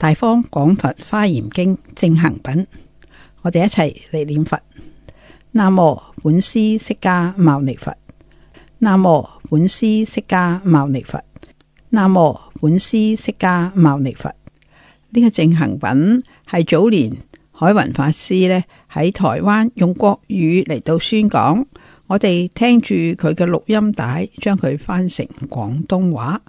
大方廣佛花嚴經正行品，我哋一齊嚟念佛。南無本師釋迦牟尼佛。南無本師釋迦牟尼佛。南無本師釋迦牟尼佛。呢個正行品係早年海雲法師咧喺台灣用國語嚟到宣講，我哋聽住佢嘅錄音帶，將佢翻成廣東話。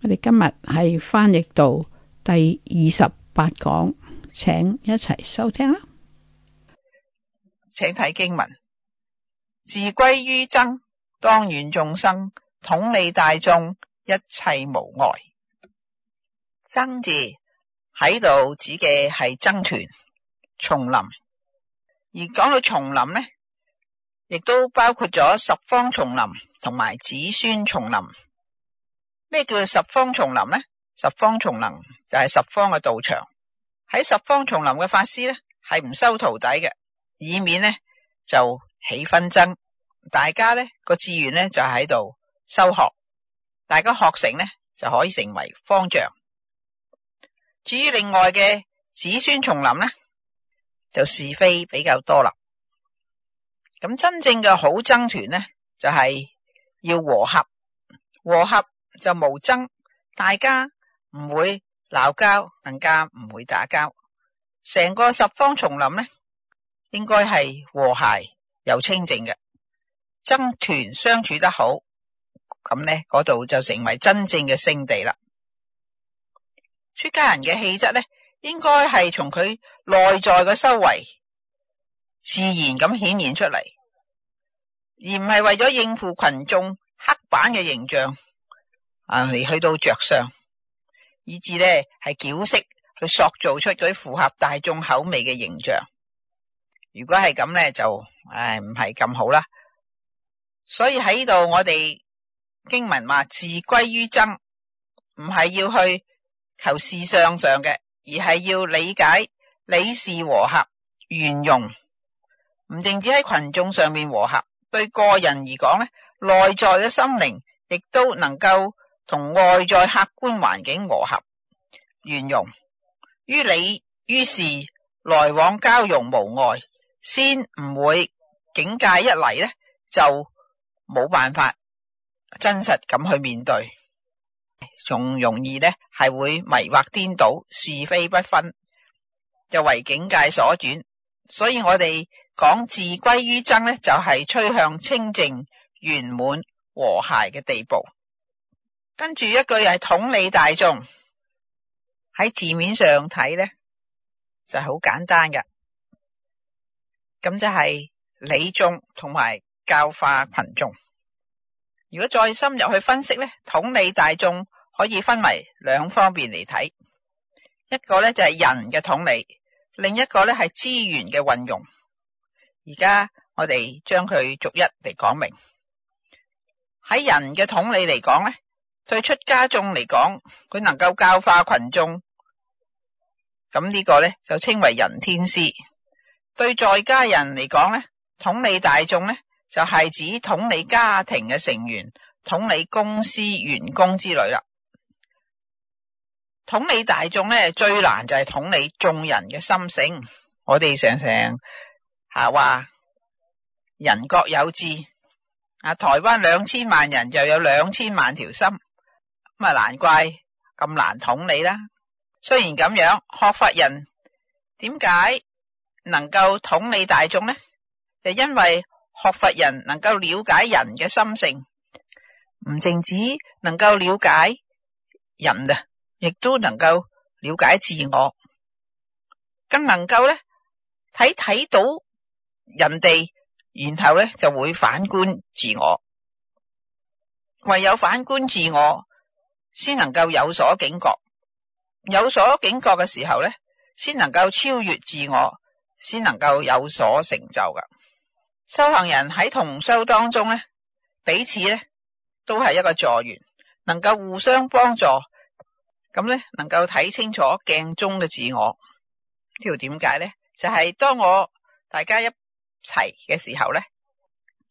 我哋今日係翻譯到第二十八講，請一齊收聽啦！請睇經文，自歸於僧，當願眾生，統理大眾，一切無礙。僧字喺度指嘅係僧團叢林，而講到叢林呢，亦都包括咗十方叢林同埋子孫叢林。咩叫做十方叢林呢？十方叢林就係十方嘅道場，喺十方叢林嘅法師咧係唔收徒弟嘅，以免呢就起紛爭。大家咧個志願呢，就喺度修學，大家學成呢，就可以成為方丈。至於另外嘅子孫叢林呢，就是非比較多啦。咁真正嘅好僧團呢，就係要和合，和合就無爭，大家。唔會鬧交，更加唔會打交。成個十方叢林咧，應該係和諧又清淨嘅，僧團相處得好，咁咧嗰度就成為真正嘅聖地啦。出家人嘅氣質咧，應該係從佢內在嘅修為自然咁顯現出嚟，而唔係為咗應付群眾黑板嘅形象啊嚟去到着相。以至咧係矯飾去塑造出咗符合大眾口味嘅形象。如果係咁咧，就唉唔係咁好啦。所以喺度，我哋經文話自歸於真，唔係要去求事相上嘅，而係要理解理事和合、圓融。唔淨止喺群眾上面和合，對個人而講咧，內在嘅心靈亦都能夠。同外在客觀環境磨合、圓融於理於事，來往交融無礙，先唔會境界一嚟呢，就冇辦法真實咁去面對，仲容易呢係會迷惑顛倒是非不分，又為境界所轉。所以我哋講自歸於真呢，就係、是、趨向清淨、圓滿、和諧嘅地步。跟住一個又係統理大眾，喺字面上睇咧就係好簡單嘅，咁就係理眾同埋教化群眾。如果再深入去分析咧，統理大眾可以分為兩方面嚟睇，一個咧就係人嘅統理，另一個咧係資源嘅運用。而家我哋將佢逐一嚟講明，喺人嘅統理嚟講咧。對出家眾嚟講，佢能夠教化群眾，咁、這、呢個呢，就稱為人天師。對在家人嚟講呢，統理大眾呢，就係指統理家庭嘅成員、統理公司員工之類啦。統理大眾呢，最難就係統理眾人嘅心性。我哋成成吓話，人各有志啊！台灣兩千萬人就有兩千萬條心。咁啊！難怪咁難統理啦。雖然咁樣，學佛人點解能夠統理大眾呢？就因為學佛人能夠了解人嘅心性，唔淨止能夠了解人啊，亦都能夠了解自我，更能夠呢睇睇到人哋，然後呢就會反觀自我。唯有反觀自我。先能夠有所警覺，有所警覺嘅時候咧，先能夠超越自我，先能夠有所成就噶。修行人喺同修當中咧，彼此咧都係一個助緣，能夠互相幫助。咁咧，能夠睇清楚鏡中嘅自我。呢度點解咧？就係、是、當我大家一齊嘅時候咧，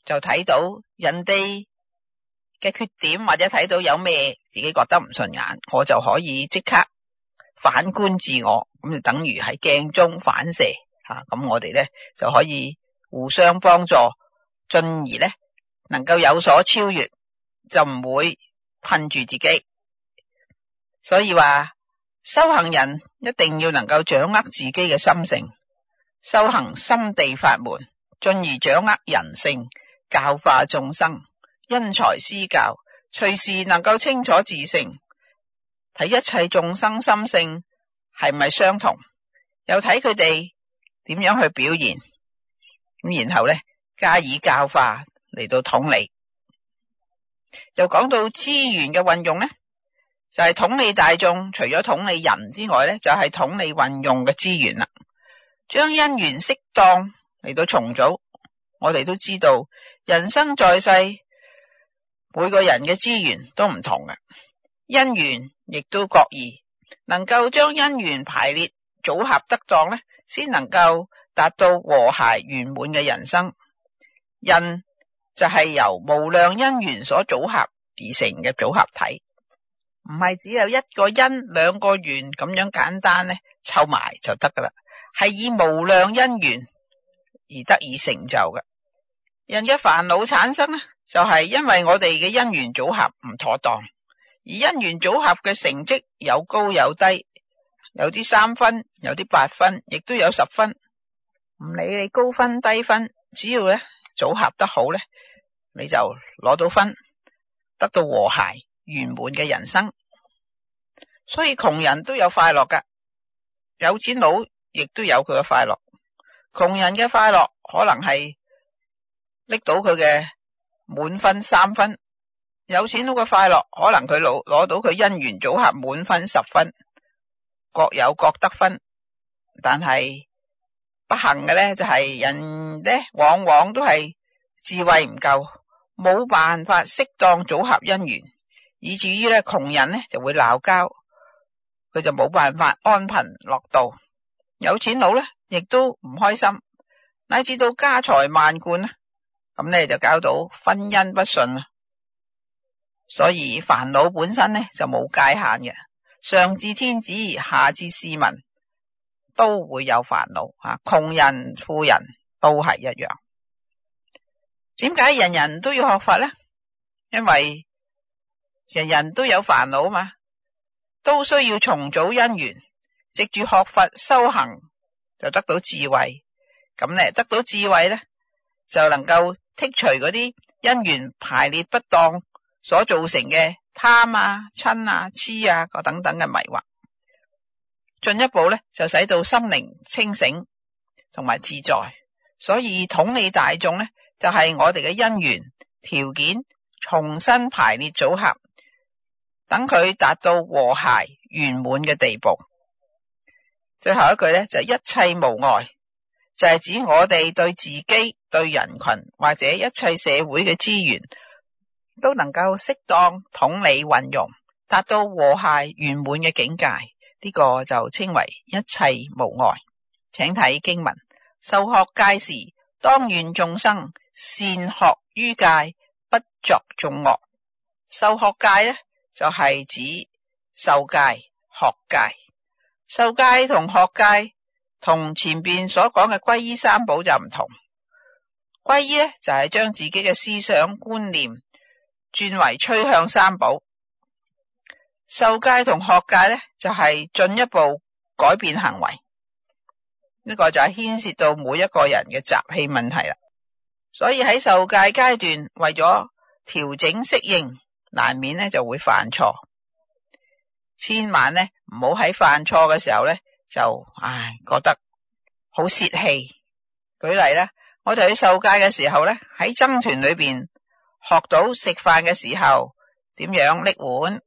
就睇到人哋。嘅缺點或者睇到有咩自己覺得唔順眼，我就可以即刻反觀自我，咁就等於喺鏡中反射吓。咁、啊嗯、我哋咧就可以互相幫助，進而咧能夠有所超越，就唔會困住自己。所以話修行人一定要能夠掌握自己嘅心性，修行心地法門，進而掌握人性，教化眾生。因材施教，隨時能夠清楚自性，睇一切眾生心性係咪相同，又睇佢哋點樣去表現，咁然後咧加以教化嚟到統理。又講到資源嘅運用咧，就係統理大眾，除咗統理人之外咧，就係統理運用嘅資源啦。將因緣適當嚟到重組，我哋都知道人生在世。每個人嘅資源都唔同嘅，因緣亦都各異。能夠將因緣排列組合得當咧，先能夠達到和諧圓滿嘅人生。因就係由無量因緣所組合而成嘅組合體，唔係只有一個因、兩個緣咁樣簡單咧，湊埋就得噶啦。係以無量因緣而得以成就嘅人嘅煩惱產生咧，就係因為我哋嘅姻緣組合唔妥當，而姻緣組合嘅成績有高有低，有啲三分，有啲八分，亦都有十分。唔理你高分低分，只要咧組合得好咧，你就攞到分，得到和諧圓滿嘅人生。所以窮人都有快樂㗎，有錢佬亦都有佢嘅快樂。窮人嘅快樂可能係拎到佢嘅。滿分三分，有錢佬嘅快樂，可能佢老攞到佢姻緣組合滿分十分，各有各得分。但係不幸嘅咧，就係人呢，往往都係智慧唔夠，冇辦法適當組合姻緣，以至於咧窮人呢就會鬧交，佢就冇辦法安貧樂道。有錢佬咧，亦都唔開心，乃至到家財萬貫咁咧就搞到婚姻不順啊，所以煩惱本身咧就冇界限嘅，上至天子，下至市民，都會有煩惱啊。窮人、富人都係一樣。點解人人都要學法呢？因為人人都有煩惱嘛，都需要重組姻緣，藉住學法修行，就得到智慧。咁咧，得到智慧咧，就能夠。剔除嗰啲因緣排列不當所造成嘅貪啊、嗔啊、痴啊、等等嘅迷惑，進一步咧就使到心靈清醒同埋自在。所以統理大眾咧，就係我哋嘅因緣條件重新排列組合，等佢達到和諧圓滿嘅地步。最後一句咧就一切無礙，就係指我哋對自己。對人群或者一切社會嘅資源都能夠適當統理運用，達到和諧圓滿嘅境界，呢、這個就稱為一切無礙。請睇經文：受學戒時，當願眾生善學於戒，不作眾惡。受學戒呢，就係、是、指受戒、學戒。受戒同學戒，同前邊所講嘅歸依三寶就唔同。皈依咧就係、是、將自己嘅思想觀念轉為趨向三寶，受戒同學戒咧就係、是、進一步改變行為，呢、這個就係牽涉到每一個人嘅習氣問題啦。所以喺受戒階段為咗調整適應，難免咧就會犯錯，千萬咧唔好喺犯錯嘅時候咧就唉覺得好洩氣。舉例咧。我哋去受戒嘅時候咧，喺僧團裏邊學到食飯嘅時候點樣拎碗，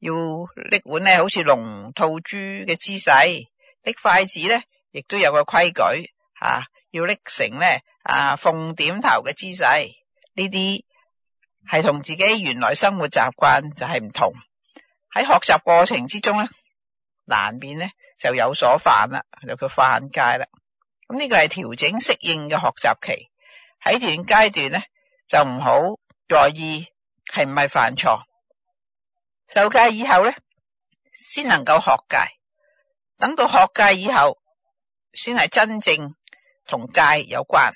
要拎碗咧，好似龍含珠嘅姿勢；拎筷子咧，亦都有個規矩吓，啊，要拎成咧啊鳳點頭嘅姿勢。呢啲係同自己原來生活習慣就係唔同。喺學習過程之中咧，難免咧就有所犯啦，就叫犯戒啦。咁呢個係調整適應嘅學習期，喺段階段咧就唔好在意係唔係犯錯。受戒以後咧，先能夠學戒，等到學戒以後，先係真正同戒有關。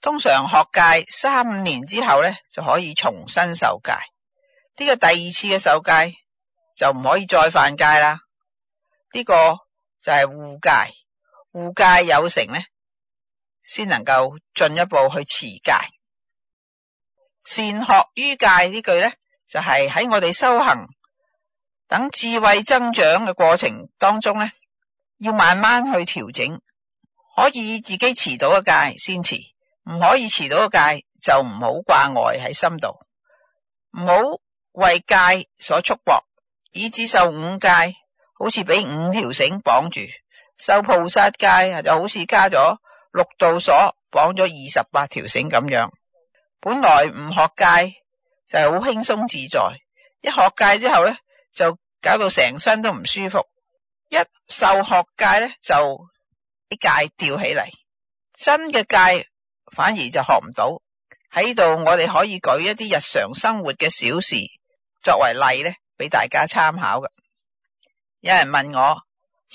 通常學戒三五年之後咧，就可以重新受戒。呢、這個第二次嘅受戒就唔可以再犯戒啦。呢、這個就係護戒。護戒有成咧，先能夠進一步去持戒。善學於戒呢句咧，就係喺我哋修行等智慧增長嘅過程當中咧，要慢慢去調整。可以自己持到嘅戒先持，唔可以持到嘅戒就唔好掛礙喺心度，唔好為戒所束縛。以至受五戒，好似俾五條繩綁住。受菩薩戒啊，就好似加咗六道鎖，綁咗二十八條繩咁樣。本來唔學戒就係好輕鬆自在，一學戒之後咧就搞到成身都唔舒服。一受學戒咧就啲戒吊起嚟，真嘅戒反而就學唔到。喺度我哋可以舉一啲日常生活嘅小事作為例咧，俾大家參考嘅。有人問我。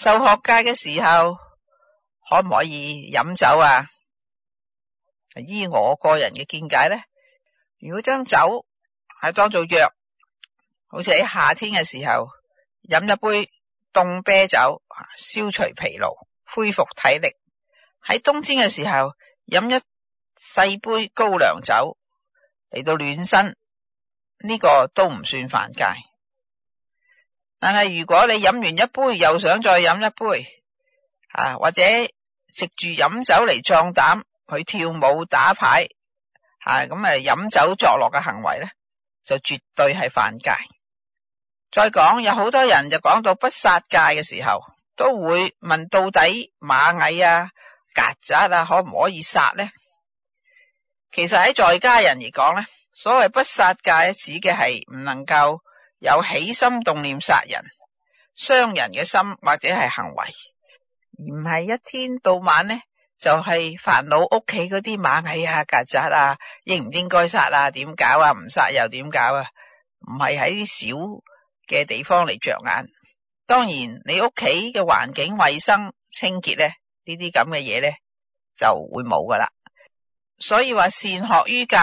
受學戒嘅時候，可唔可以飲酒啊？依我個人嘅見解咧，如果將酒係當做藥，好似喺夏天嘅時候飲一杯凍啤酒，消除疲勞，恢復體力；喺冬天嘅時候飲一細杯高粱酒嚟到暖身，呢、這個都唔算犯戒。但係如果你飲完一杯又想再飲一杯，啊或者食住飲酒嚟壯膽去跳舞打牌，吓咁啊飲酒作樂嘅行為咧，就絕對係犯戒。再講有好多人就講到不殺戒嘅時候，都會問到底螞蟻啊、曱甴啊，啊，可唔可以殺呢？」其實喺在，在家人嚟講咧，所謂不殺戒，指嘅係唔能夠。有起心動念殺人傷人嘅心或者係行為，而唔係一天到晚咧就係煩惱屋企嗰啲螞蟻啊、曱甴啊應唔應該殺啊？點搞啊？唔殺又點搞啊？唔係喺啲小嘅地方嚟着眼。當然你屋企嘅環境衛生清潔咧呢啲咁嘅嘢咧就會冇噶啦。所以話善學於戒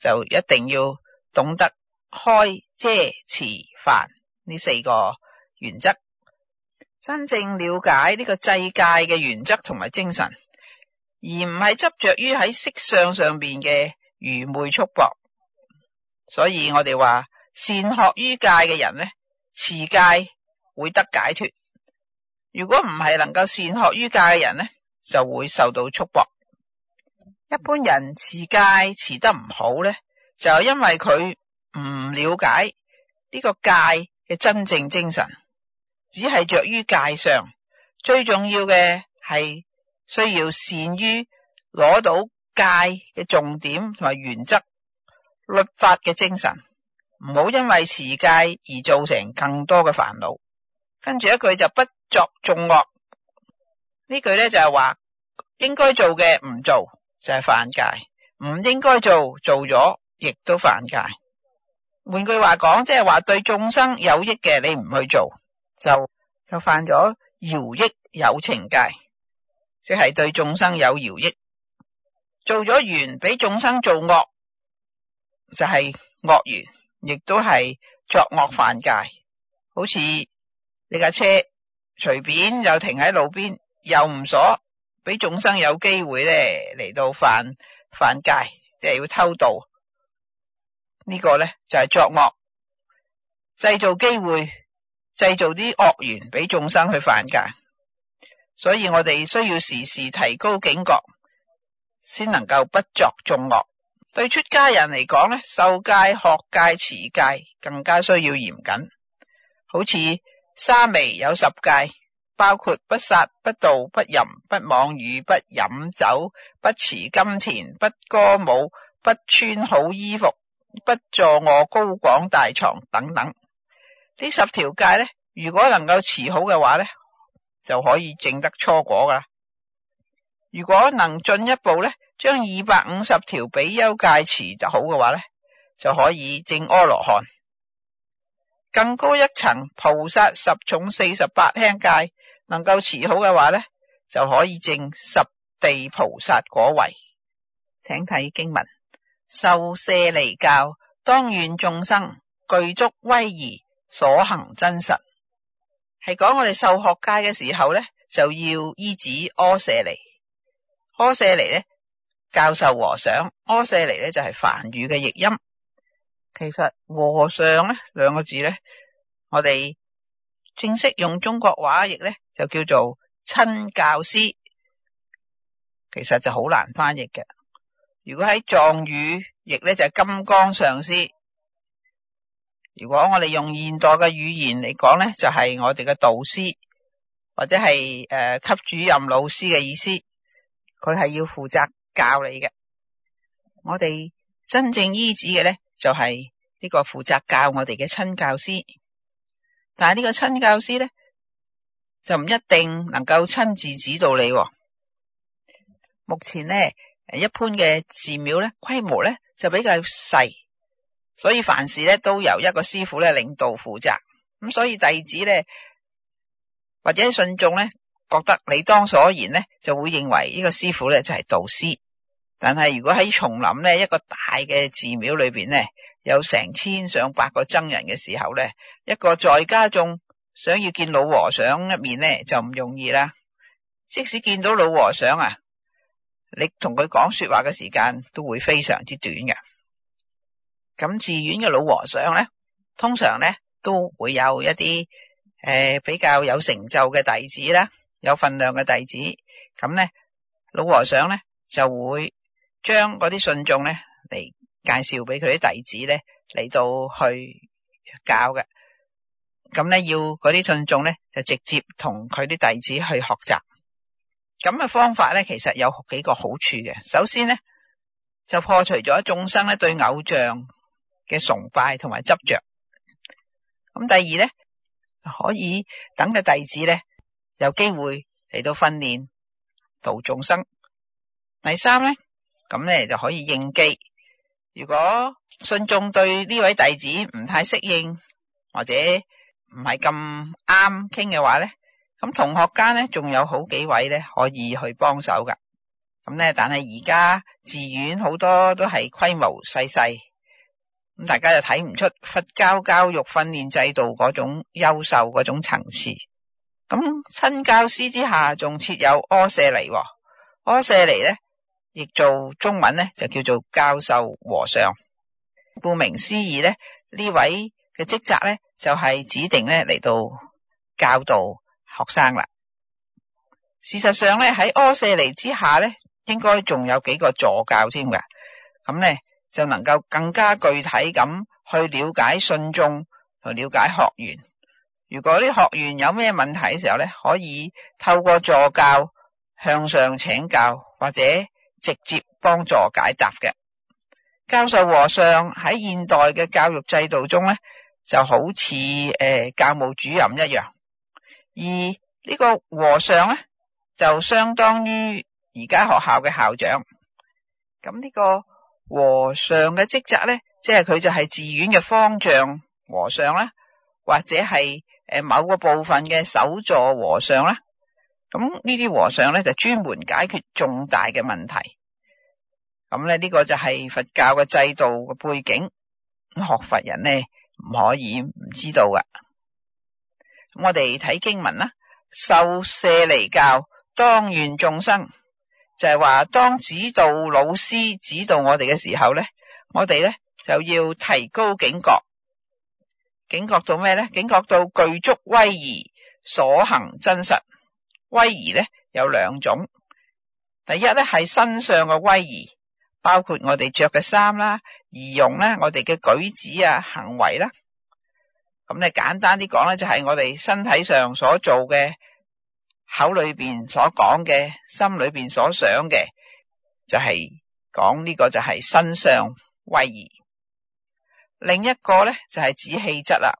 就一定要懂得開。即持犯呢四個原則，真正了解呢個制戒嘅原則同埋精神，而唔係執着於喺色相上邊嘅愚昧束縛。所以我哋話善學於戒嘅人呢，持戒會得解脫；如果唔係能夠善學於戒嘅人呢，就會受到束縛。一般人持戒持得唔好呢，就因為佢。唔了解呢個戒嘅真正精神，只係着於戒上。最重要嘅係需要善於攞到戒嘅重點同埋原則律法嘅精神，唔好因為持戒而造成更多嘅煩惱。跟住一句就不作眾惡呢句咧，就係話應該做嘅唔做就係犯戒，唔應該做做咗亦都犯戒。換句話講即係話對眾生有益嘅，你唔去做，就就犯咗饒益有情戒，即係對眾生有饒益。做咗緣，俾眾生做惡，就係惡緣，亦都係作惡犯戒。好似你架車隨便又停喺路邊，又唔鎖，俾眾生有機會咧嚟,到犯犯戒，即係要偷盜。呢個呢，就係作惡，製造機會，製造啲惡緣俾眾生去犯㗎。所以我哋需要時時提高警覺，先能夠不作眾惡。對出家人嚟講呢，受戒、學戒、持戒更加需要嚴謹。好似沙彌有十戒，包括不殺、不盜、不淫、不妄語、不飲酒、不持金錢、不歌舞、不穿好衣服。不坐臥高廣大床等等呢十條戒呢，如果能夠持好嘅話呢，就可以證得初果噶啦。如果能進一步呢，將二百五十條比丘戒持就好嘅話呢，就可以證阿羅漢。更高一層，菩薩十重四十八輕戒能夠持好嘅話呢，就可以證十地菩薩果位。請睇經文。受闍黎教，當願眾生，具足威儀，所行真實。係講我哋受學戒嘅時候咧，就要依止阿闍黎。阿闍黎咧，教授和尚。阿闍黎咧就係、是、梵語嘅譯音。其實和尚咧兩個字咧，我哋正式用中國話譯咧，就叫做親教師。其實就好難翻譯嘅。如果喺藏語亦咧就係金剛上師，如果我哋用現代嘅語言嚟講咧，就係、是、我哋嘅導師或者係誒級主任老師嘅意思，佢係要負責教你嘅。我哋真正依止嘅咧就係、是、呢個負責教我哋嘅親教師，但係呢個親教師咧就唔一定能夠親自指導你。目前咧。一般嘅寺廟咧，規模咧就比較細，所以凡事咧都由一個師傅咧領導負責。咁所以弟子咧或者信眾咧覺得你當所言咧就會認為呢個師傅咧就係導師。但係如果喺叢林咧一個大嘅寺廟裏邊咧有成千上百個僧人嘅時候咧，一個在家眾想要見老和尚一面咧就唔容易啦。即使見到老和尚啊～你同佢講說話嘅時間都會非常之短嘅。咁寺院嘅老和尚咧，通常咧都會有一啲誒、呃、比較有成就嘅弟子啦，有份量嘅弟子。咁咧，老和尚咧就會將嗰啲信眾咧嚟介紹俾佢啲弟子咧嚟到去教嘅。咁咧，要嗰啲信眾咧就直接同佢啲弟子去學習。咁嘅方法咧，其實有幾個好處嘅。首先咧，就破除咗眾生咧對偶像嘅崇拜同埋執着。咁第二咧，可以等個弟子咧有機會嚟到訓練度眾生。第三咧，咁咧就可以應機。如果信眾對呢位弟子唔太適應，或者唔係咁啱傾嘅話咧。咁同學間咧，仲有好幾位咧可以去幫手噶。咁咧，但係而家寺院好多都係規模細細，咁大家就睇唔出佛教教育訓練制度嗰種優秀嗰種層次。咁親教師之下仲設有阿舍尼、哦，阿舍尼咧亦做中文咧就叫做教授和尚。顧名思義咧，位職呢位嘅職責咧就係、是、指定咧嚟到教導。學生啦，事實上咧喺柯舍尼之下咧，應該仲有幾個助教添㗎，咁咧就能夠更加具體咁去了解信眾同了解學員。如果啲學員有咩問題嘅時候咧，可以透過助教向上請教或者直接幫助解答嘅。教授和尚喺現代嘅教育制度中咧，就好似誒、呃、教務主任一樣。而呢個和尚咧，就相當於而家學校嘅校長。咁呢個和尚嘅職責咧，即係佢就係寺院嘅方丈和尚啦，或者係誒某個部分嘅首座和尚啦。咁呢啲和尚咧，就專門解決重大嘅問題。咁咧呢個就係佛教嘅制度嘅背景，學佛人咧唔可以唔知道㗎。我哋睇經文啦，受闍梨教當願眾生，就係話當指導老師指導我哋嘅時候咧，我哋咧就要提高警覺，警覺到咩咧？警覺到具足威儀所行真實，威儀咧有兩種，第一咧係身上嘅威儀，包括我哋着嘅衫啦，而用咧我哋嘅舉止啊，行為啦。咁你簡單啲講咧，就係、是、我哋身體上所做嘅，口裏邊所講嘅，心裏邊所想嘅，就係講呢個就係身上威儀。另一個咧就係指氣質啦。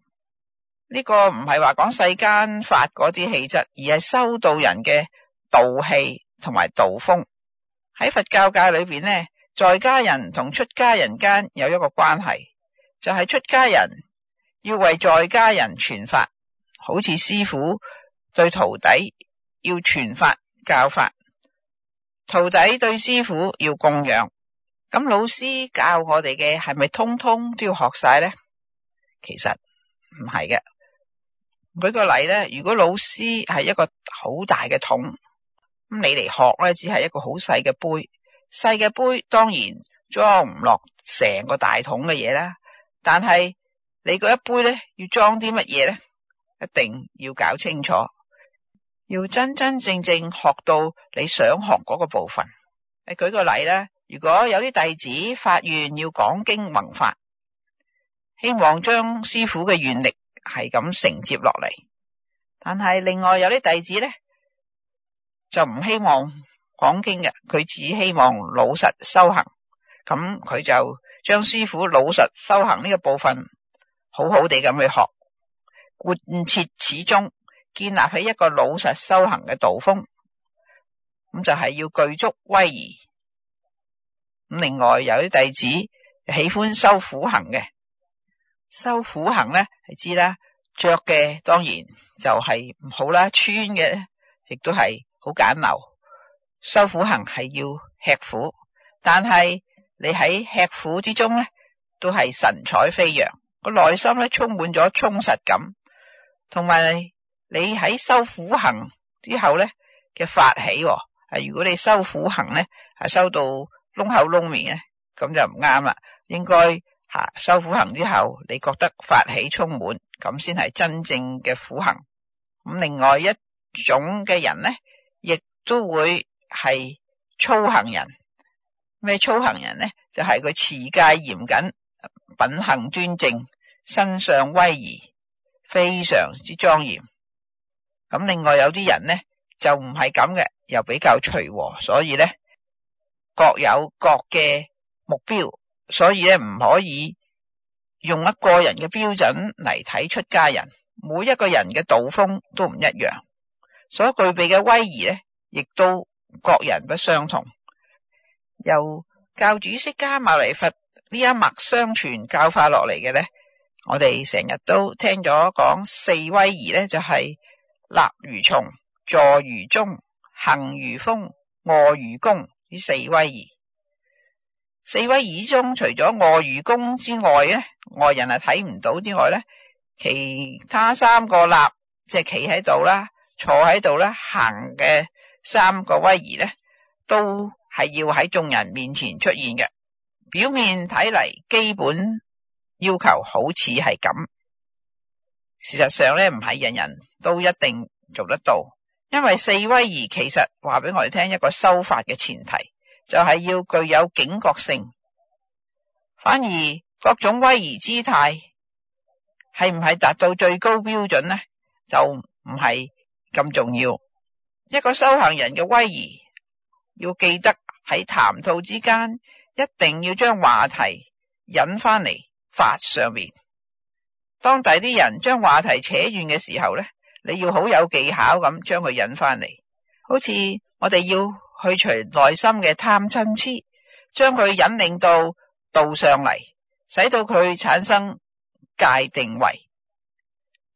呢、這個唔係話講世間法嗰啲氣質，而係修道人嘅道氣同埋道風。喺佛教，教界裏邊呢在家人同出家人間有一個關係，就係、是、出家人。要為在家人傳法，好似師父對徒弟要傳法教法，徒弟對師父要供養。咁老師教我哋嘅係咪通通都要學晒呢？其實唔係嘅。舉個例咧，如果老師係一個好大嘅桶，咁你嚟學咧，只係一個好細嘅杯，細嘅杯當然裝唔落成個大桶嘅嘢啦。但係，你嗰一杯咧，要裝啲乜嘢咧？一定要搞清楚，要真真正正學到你想學嗰個部分。誒，舉個例咧，如果有啲弟子發願要講經弘法，希望將師傅嘅願力係咁承接落嚟。但係另外有啲弟子咧，就唔希望講經嘅，佢只希望老實修行。咁佢就將師傅老實修行呢個部分。好好地咁去學，貫徹始終，建立起一個老實修行嘅道風。咁就係要具足威儀。咁另外有啲弟子喜歡修苦行嘅，修苦行咧你知啦，着嘅當然就係唔好啦，穿嘅亦都係好簡陋。修苦行係要吃苦，但係你喺吃苦之中咧，都係神采飛揚。個內心咧充滿咗充實感，同埋你喺修苦行之後咧嘅法喜，啊！如果你修苦行咧，係修到窿口窿面啊，咁就唔啱啦。應該吓修苦行之後，你覺得法喜充滿，咁先係真正嘅苦行。咁另外一種嘅人咧，亦都會係操行人。咩操行人咧？就係、是、佢持戒嚴謹。品行端正，身上威儀非常之莊嚴。咁另外有啲人呢，就唔係咁嘅，又比較隨和，所以呢各有各嘅目標，所以呢唔可以用一個人嘅標準嚟睇出家人。每一個人嘅道風都唔一樣，所具備嘅威儀呢，亦都各人不相同。由教主釋迦牟尼佛。呢一脈相傳教化落嚟嘅咧，我哋成日都聽咗講四威儀咧，就係立如松、坐如鐘、行如風、臥如弓。呢四威儀，四威儀中除咗臥如弓之外咧，外人係睇唔到之外咧，其他三個立即係企喺度啦、坐喺度啦、行嘅三個威儀咧，都係要喺眾人面前出現嘅。表面睇嚟，基本要求好似係咁，事實上咧，唔係人人都一定做得到，因為四威儀其實話俾我哋聽一個修法嘅前提，就係要具有警覺性。反而各種威儀姿態係唔係達到最高標準呢？就唔係咁重要。一個修行人嘅威儀，要記得喺談吐之間。一定要將話題引翻嚟法上面。當第啲人將話題扯遠嘅時候咧，你要好有技巧咁將佢引翻嚟。好似我哋要去除內心嘅貪嗔痴，將佢引領到道上嚟，使到佢產生界定為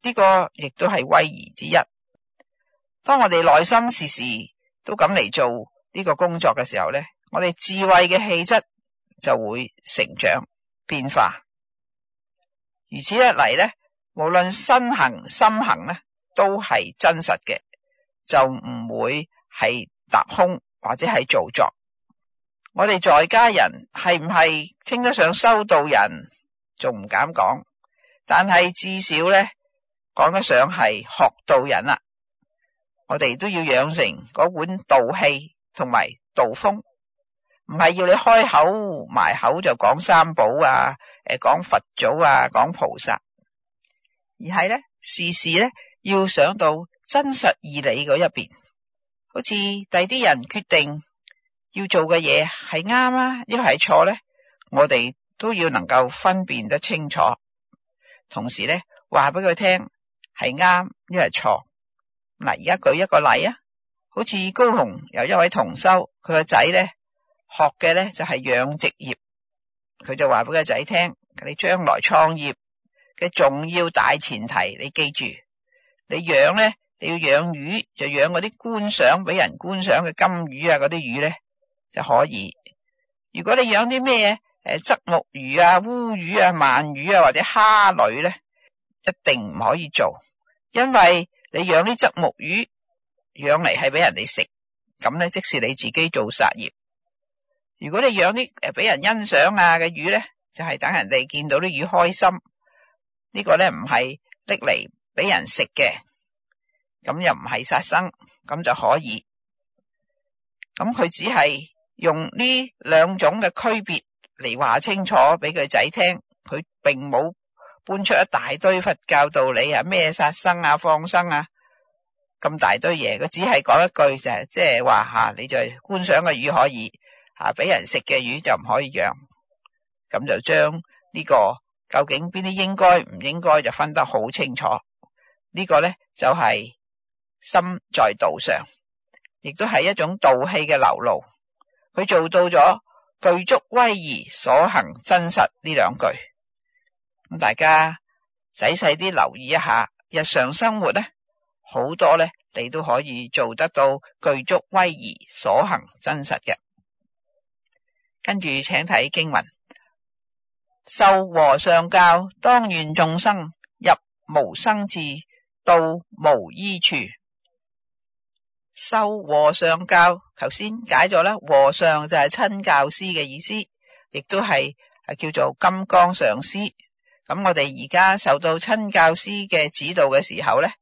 呢、這個，亦都係威儀之一。當我哋內心時時都咁嚟做呢個工作嘅時候咧。我哋智慧嘅氣質就會成長變化，如此一嚟咧，無論身行心行咧，都係真實嘅，就唔會係踏空或者係做作。我哋在家人係唔係稱得上修道人，仲唔敢講，但係至少咧，講得上係學道人啦。我哋都要養成嗰管道氣同埋道風。唔係要你開口埋口就講三寶啊，誒講佛祖啊，講菩薩，而係咧事事咧要想到真實義理嗰一邊，好似第啲人決定要做嘅嘢係啱啊，亦係錯咧，我哋都要能夠分辨得清楚，同時咧話俾佢聽係啱亦係錯。嗱，而家舉一個例啊，好似高雄有一位同修，佢個仔咧，學嘅咧就係養殖業，佢就話俾個仔聽，你將來創業嘅重要大前提，你記住，你養咧，你要養魚就養嗰啲觀賞俾人觀賞嘅金魚啊，嗰啲魚咧就可以。如果你養啲咩誒側木魚啊、烏魚啊、鰻魚啊或者蝦類咧，一定唔可以做，因為你養啲側木魚養嚟係俾人哋食，咁咧即使你自己做殺業。如果你養啲誒俾人欣賞啊嘅魚咧，就係等人哋見到啲魚開心，呢個咧唔係拎嚟俾人食嘅，咁又唔係殺生，咁就可以。咁佢只係用呢兩種嘅區別嚟話清楚俾佢仔聽，佢並冇搬出一大堆佛教道理啊，咩殺生啊、放生啊咁大堆嘢。佢只係講一句就係，即係話吓，你就係觀賞嘅魚可以。啊！俾人食嘅魚就唔可以養，咁就將呢個究竟邊啲應該唔應該就分得好清楚。呢個呢，就係心在道上，亦都係一種道氣嘅流露。佢做到咗具足威儀所行真實呢兩句。咁大家仔細啲留意一下，日常生活呢好多呢，你都可以做得到具足威儀所行真實嘅。跟住，請睇經文。受和上教，當願眾生入無生智，到無依處。修和上教，頭先解咗啦。和尚就係親教師嘅意思，亦都係係叫做金剛上師。咁我哋而家受到親教師嘅指導嘅時候咧，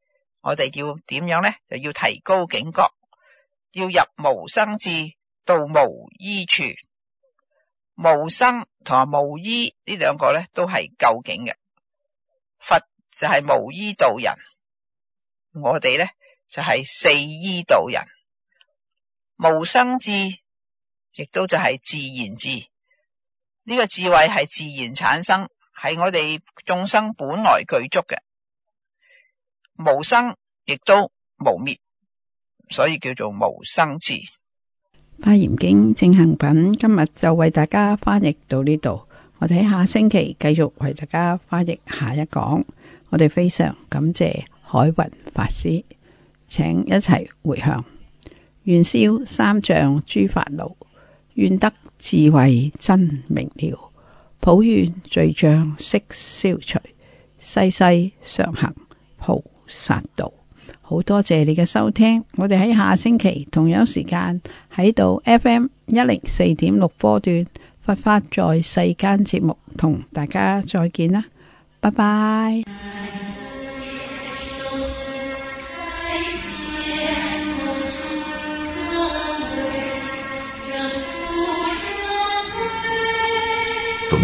我哋要點樣咧？就要提高警覺，要入無生智，到無依處。無生同埋無依呢兩個咧，都係究竟嘅。佛就係無依道人，我哋咧就係、是、四依道人。無生智亦都就係自然智，呢、這個智慧係自然產生，係我哋眾生本來具足嘅。無生亦都無滅，所以叫做無生智。《華嚴經淨行品》，今日就為大家翻譯到呢度，我哋喺下星期繼續為大家翻譯下一講。我哋非常感謝海云法師，請一齊回向，願消三障諸煩惱，願得智慧真明了，普願罪障悉消除，世世常行菩薩道。好多謝你嘅收聽，我哋喺下星期同樣時間喺度 FM 一零四點六波段佛法在世間節目，同大家再見啦，拜拜。